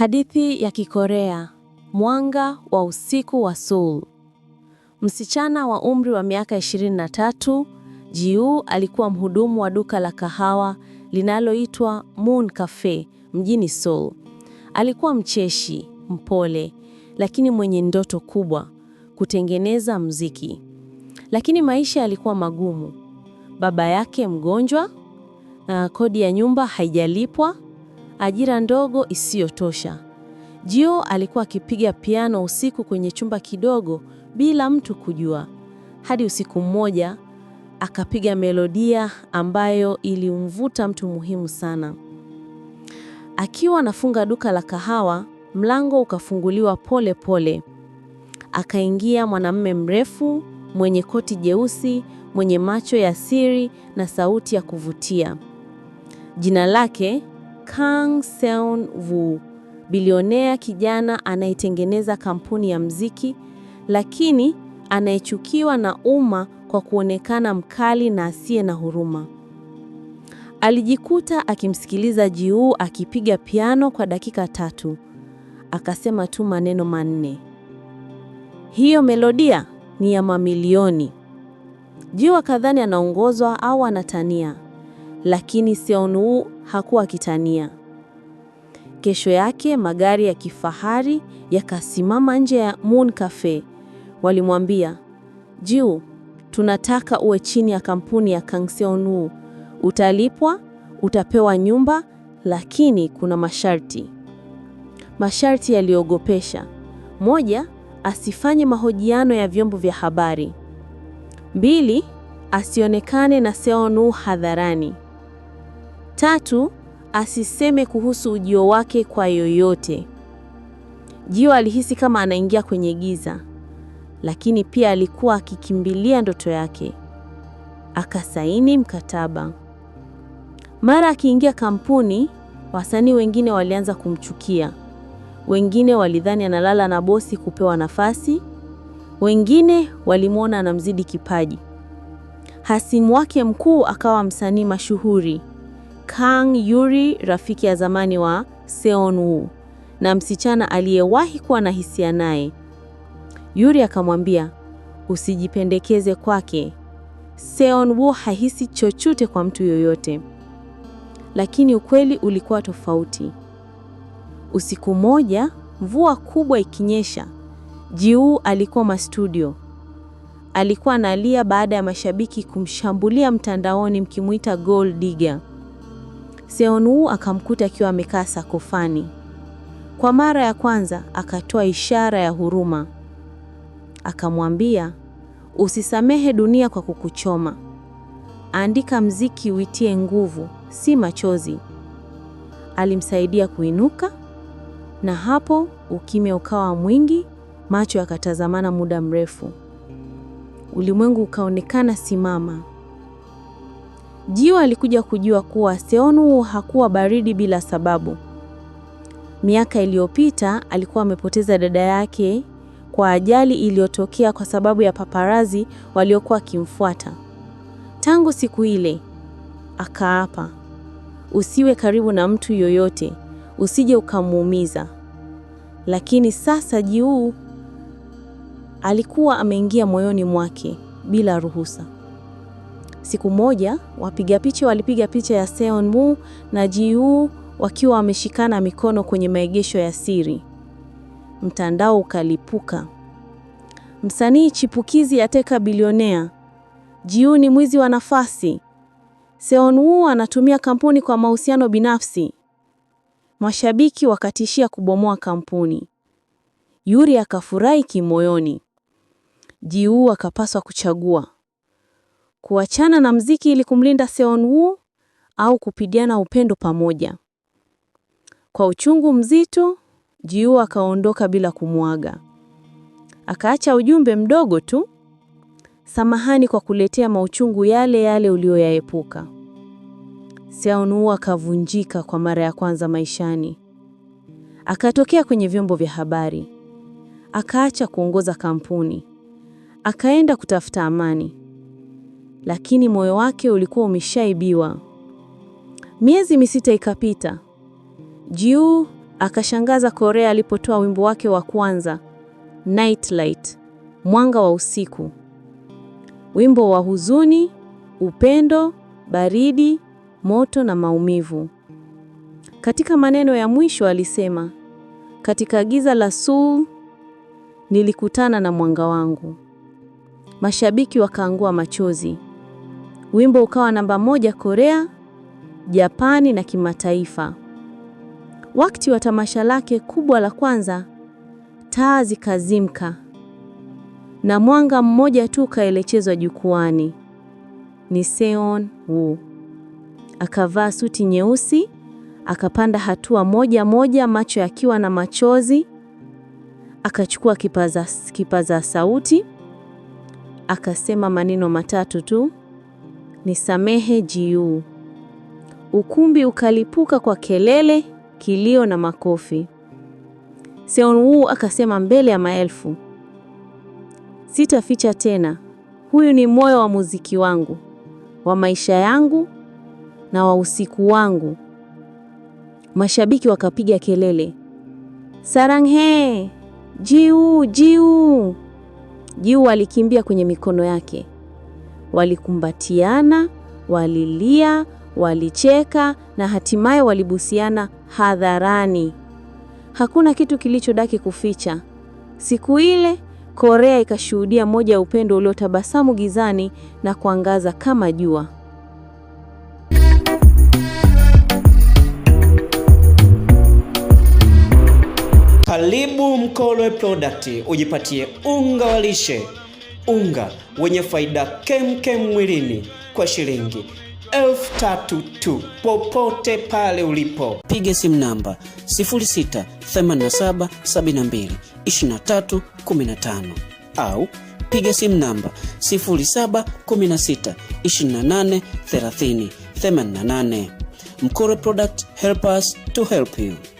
Hadithi ya Kikorea, Mwanga wa Usiku wa Seoul. Msichana wa umri wa miaka 23, Jiu alikuwa mhudumu wa duka la kahawa linaloitwa Moon Cafe mjini Seoul. Alikuwa mcheshi, mpole, lakini mwenye ndoto kubwa, kutengeneza mziki. Lakini maisha yalikuwa magumu. Baba yake mgonjwa, na kodi ya nyumba haijalipwa ajira ndogo isiyotosha. jio alikuwa akipiga piano usiku kwenye chumba kidogo bila mtu kujua, hadi usiku mmoja akapiga melodia ambayo ilimvuta mtu muhimu sana. Akiwa anafunga duka la kahawa, mlango ukafunguliwa pole pole. Akaingia mwanamume mrefu mwenye koti jeusi, mwenye macho ya siri na sauti ya kuvutia. Jina lake Kang Seon woo bilionea kijana anayetengeneza kampuni ya mziki, lakini anayechukiwa na umma kwa kuonekana mkali na asiye na huruma. Alijikuta akimsikiliza Jiu akipiga piano kwa dakika tatu. Akasema tu maneno manne. Hiyo melodia ni ya mamilioni. Jiu akadhani anaongozwa au anatania lakini Seonwoo hakuwa akitania. Kesho yake magari ya kifahari yakasimama nje ya Moon Cafe. Walimwambia, Jiu, tunataka uwe chini ya kampuni ya Kang Seonwoo. Utalipwa, utapewa nyumba, lakini kuna masharti. Masharti yaliogopesha. Moja, asifanye mahojiano ya vyombo vya habari. Mbili, asionekane na Seonwoo hadharani. Tatu, asiseme kuhusu ujio wake kwa yoyote. Jio alihisi kama anaingia kwenye giza, lakini pia alikuwa akikimbilia ndoto yake. Akasaini mkataba. Mara akiingia kampuni, wasanii wengine walianza kumchukia. Wengine walidhani analala na bosi kupewa nafasi, wengine walimwona anamzidi kipaji. Hasimu wake mkuu akawa msanii mashuhuri Kang Yuri, rafiki ya zamani wa seon na msichana aliyewahi kuwa na hisia naye. Yuri akamwambia, usijipendekeze kwake. seon hahisi chochote kwa mtu yoyote. Lakini ukweli ulikuwa tofauti. Usiku moja, mvua kubwa ikinyesha, Jiu alikuwa mastudio. Alikuwa analia baada ya mashabiki kumshambulia mtandaoni mkimwita gold digger. Seonu akamkuta akiwa amekaa sakofani. Kwa mara ya kwanza akatoa ishara ya huruma, akamwambia, usisamehe dunia kwa kukuchoma, andika mziki uitie nguvu, si machozi. Alimsaidia kuinuka na hapo ukimya ukawa mwingi, macho yakatazamana muda mrefu, ulimwengu ukaonekana simama. Jiwa alikuja kujua kuwa Seonu hakuwa baridi bila sababu. Miaka iliyopita alikuwa amepoteza dada yake kwa ajali iliyotokea kwa sababu ya paparazi waliokuwa wakimfuata. Tangu siku ile akaapa, usiwe karibu na mtu yoyote, usije ukamuumiza. Lakini sasa Jiu alikuwa ameingia moyoni mwake bila ruhusa. Siku moja wapiga picha walipiga picha ya Seon Mu na Ji wakiwa wameshikana mikono kwenye maegesho ya siri. Mtandao ukalipuka. Msanii chipukizi ateka bilionea. Ji ni mwizi wa nafasi. Seon anatumia kampuni kwa mahusiano binafsi. Mashabiki wakatishia kubomoa kampuni. Yuri akafurahi kimoyoni. Ji Woo akapaswa kuchagua kuachana na mziki ili kumlinda seon au kupigana upendo pamoja. Kwa uchungu mzito, ji akaondoka bila kumwaga. Akaacha ujumbe mdogo tu, samahani kwa kuletea mauchungu yale yale uliyoyaepuka. seon akavunjika kwa mara ya kwanza maishani. Akatokea kwenye vyombo vya habari, akaacha kuongoza kampuni, akaenda kutafuta amani lakini moyo wake ulikuwa umeshaibiwa. Miezi misita ikapita. Jiu akashangaza Korea alipotoa wimbo wake wa kwanza Nightlight, mwanga wa usiku, wimbo wa huzuni, upendo, baridi, moto na maumivu. Katika maneno ya mwisho alisema, katika giza la Seoul nilikutana na mwanga wangu. Mashabiki wakaangua machozi. Wimbo ukawa namba moja Korea, Japani na kimataifa. Wakati wa tamasha lake kubwa la kwanza, taa zikazimka na mwanga mmoja tu kaelekezwa jukwani. Ni Seon Woo. Akavaa suti nyeusi, akapanda hatua moja moja, macho yakiwa na machozi. Akachukua kipaza, kipaza sauti, akasema maneno matatu tu nisamehe jiu. Ukumbi ukalipuka kwa kelele, kilio na makofi. Seonwoo akasema mbele ya maelfu, sitaficha tena, huyu ni moyo wa muziki wangu, wa maisha yangu na wa usiku wangu. Mashabiki wakapiga kelele, saranghe Jiu, Jiu! Jiu alikimbia kwenye mikono yake. Walikumbatiana, walilia, walicheka na hatimaye walibusiana hadharani. Hakuna kitu kilichodaki kuficha. Siku ile Korea ikashuhudia moja ya upendo uliotabasamu gizani na kuangaza kama jua. Karibu Mkolwe Product, ujipatie unga wa lishe unga wenye faida kemkem mwilini kwa shilingi elfu tatu tu popote pale ulipo. Piga simu namba 0687722315 au piga simu namba 7162838 Mkore Product help us to help you.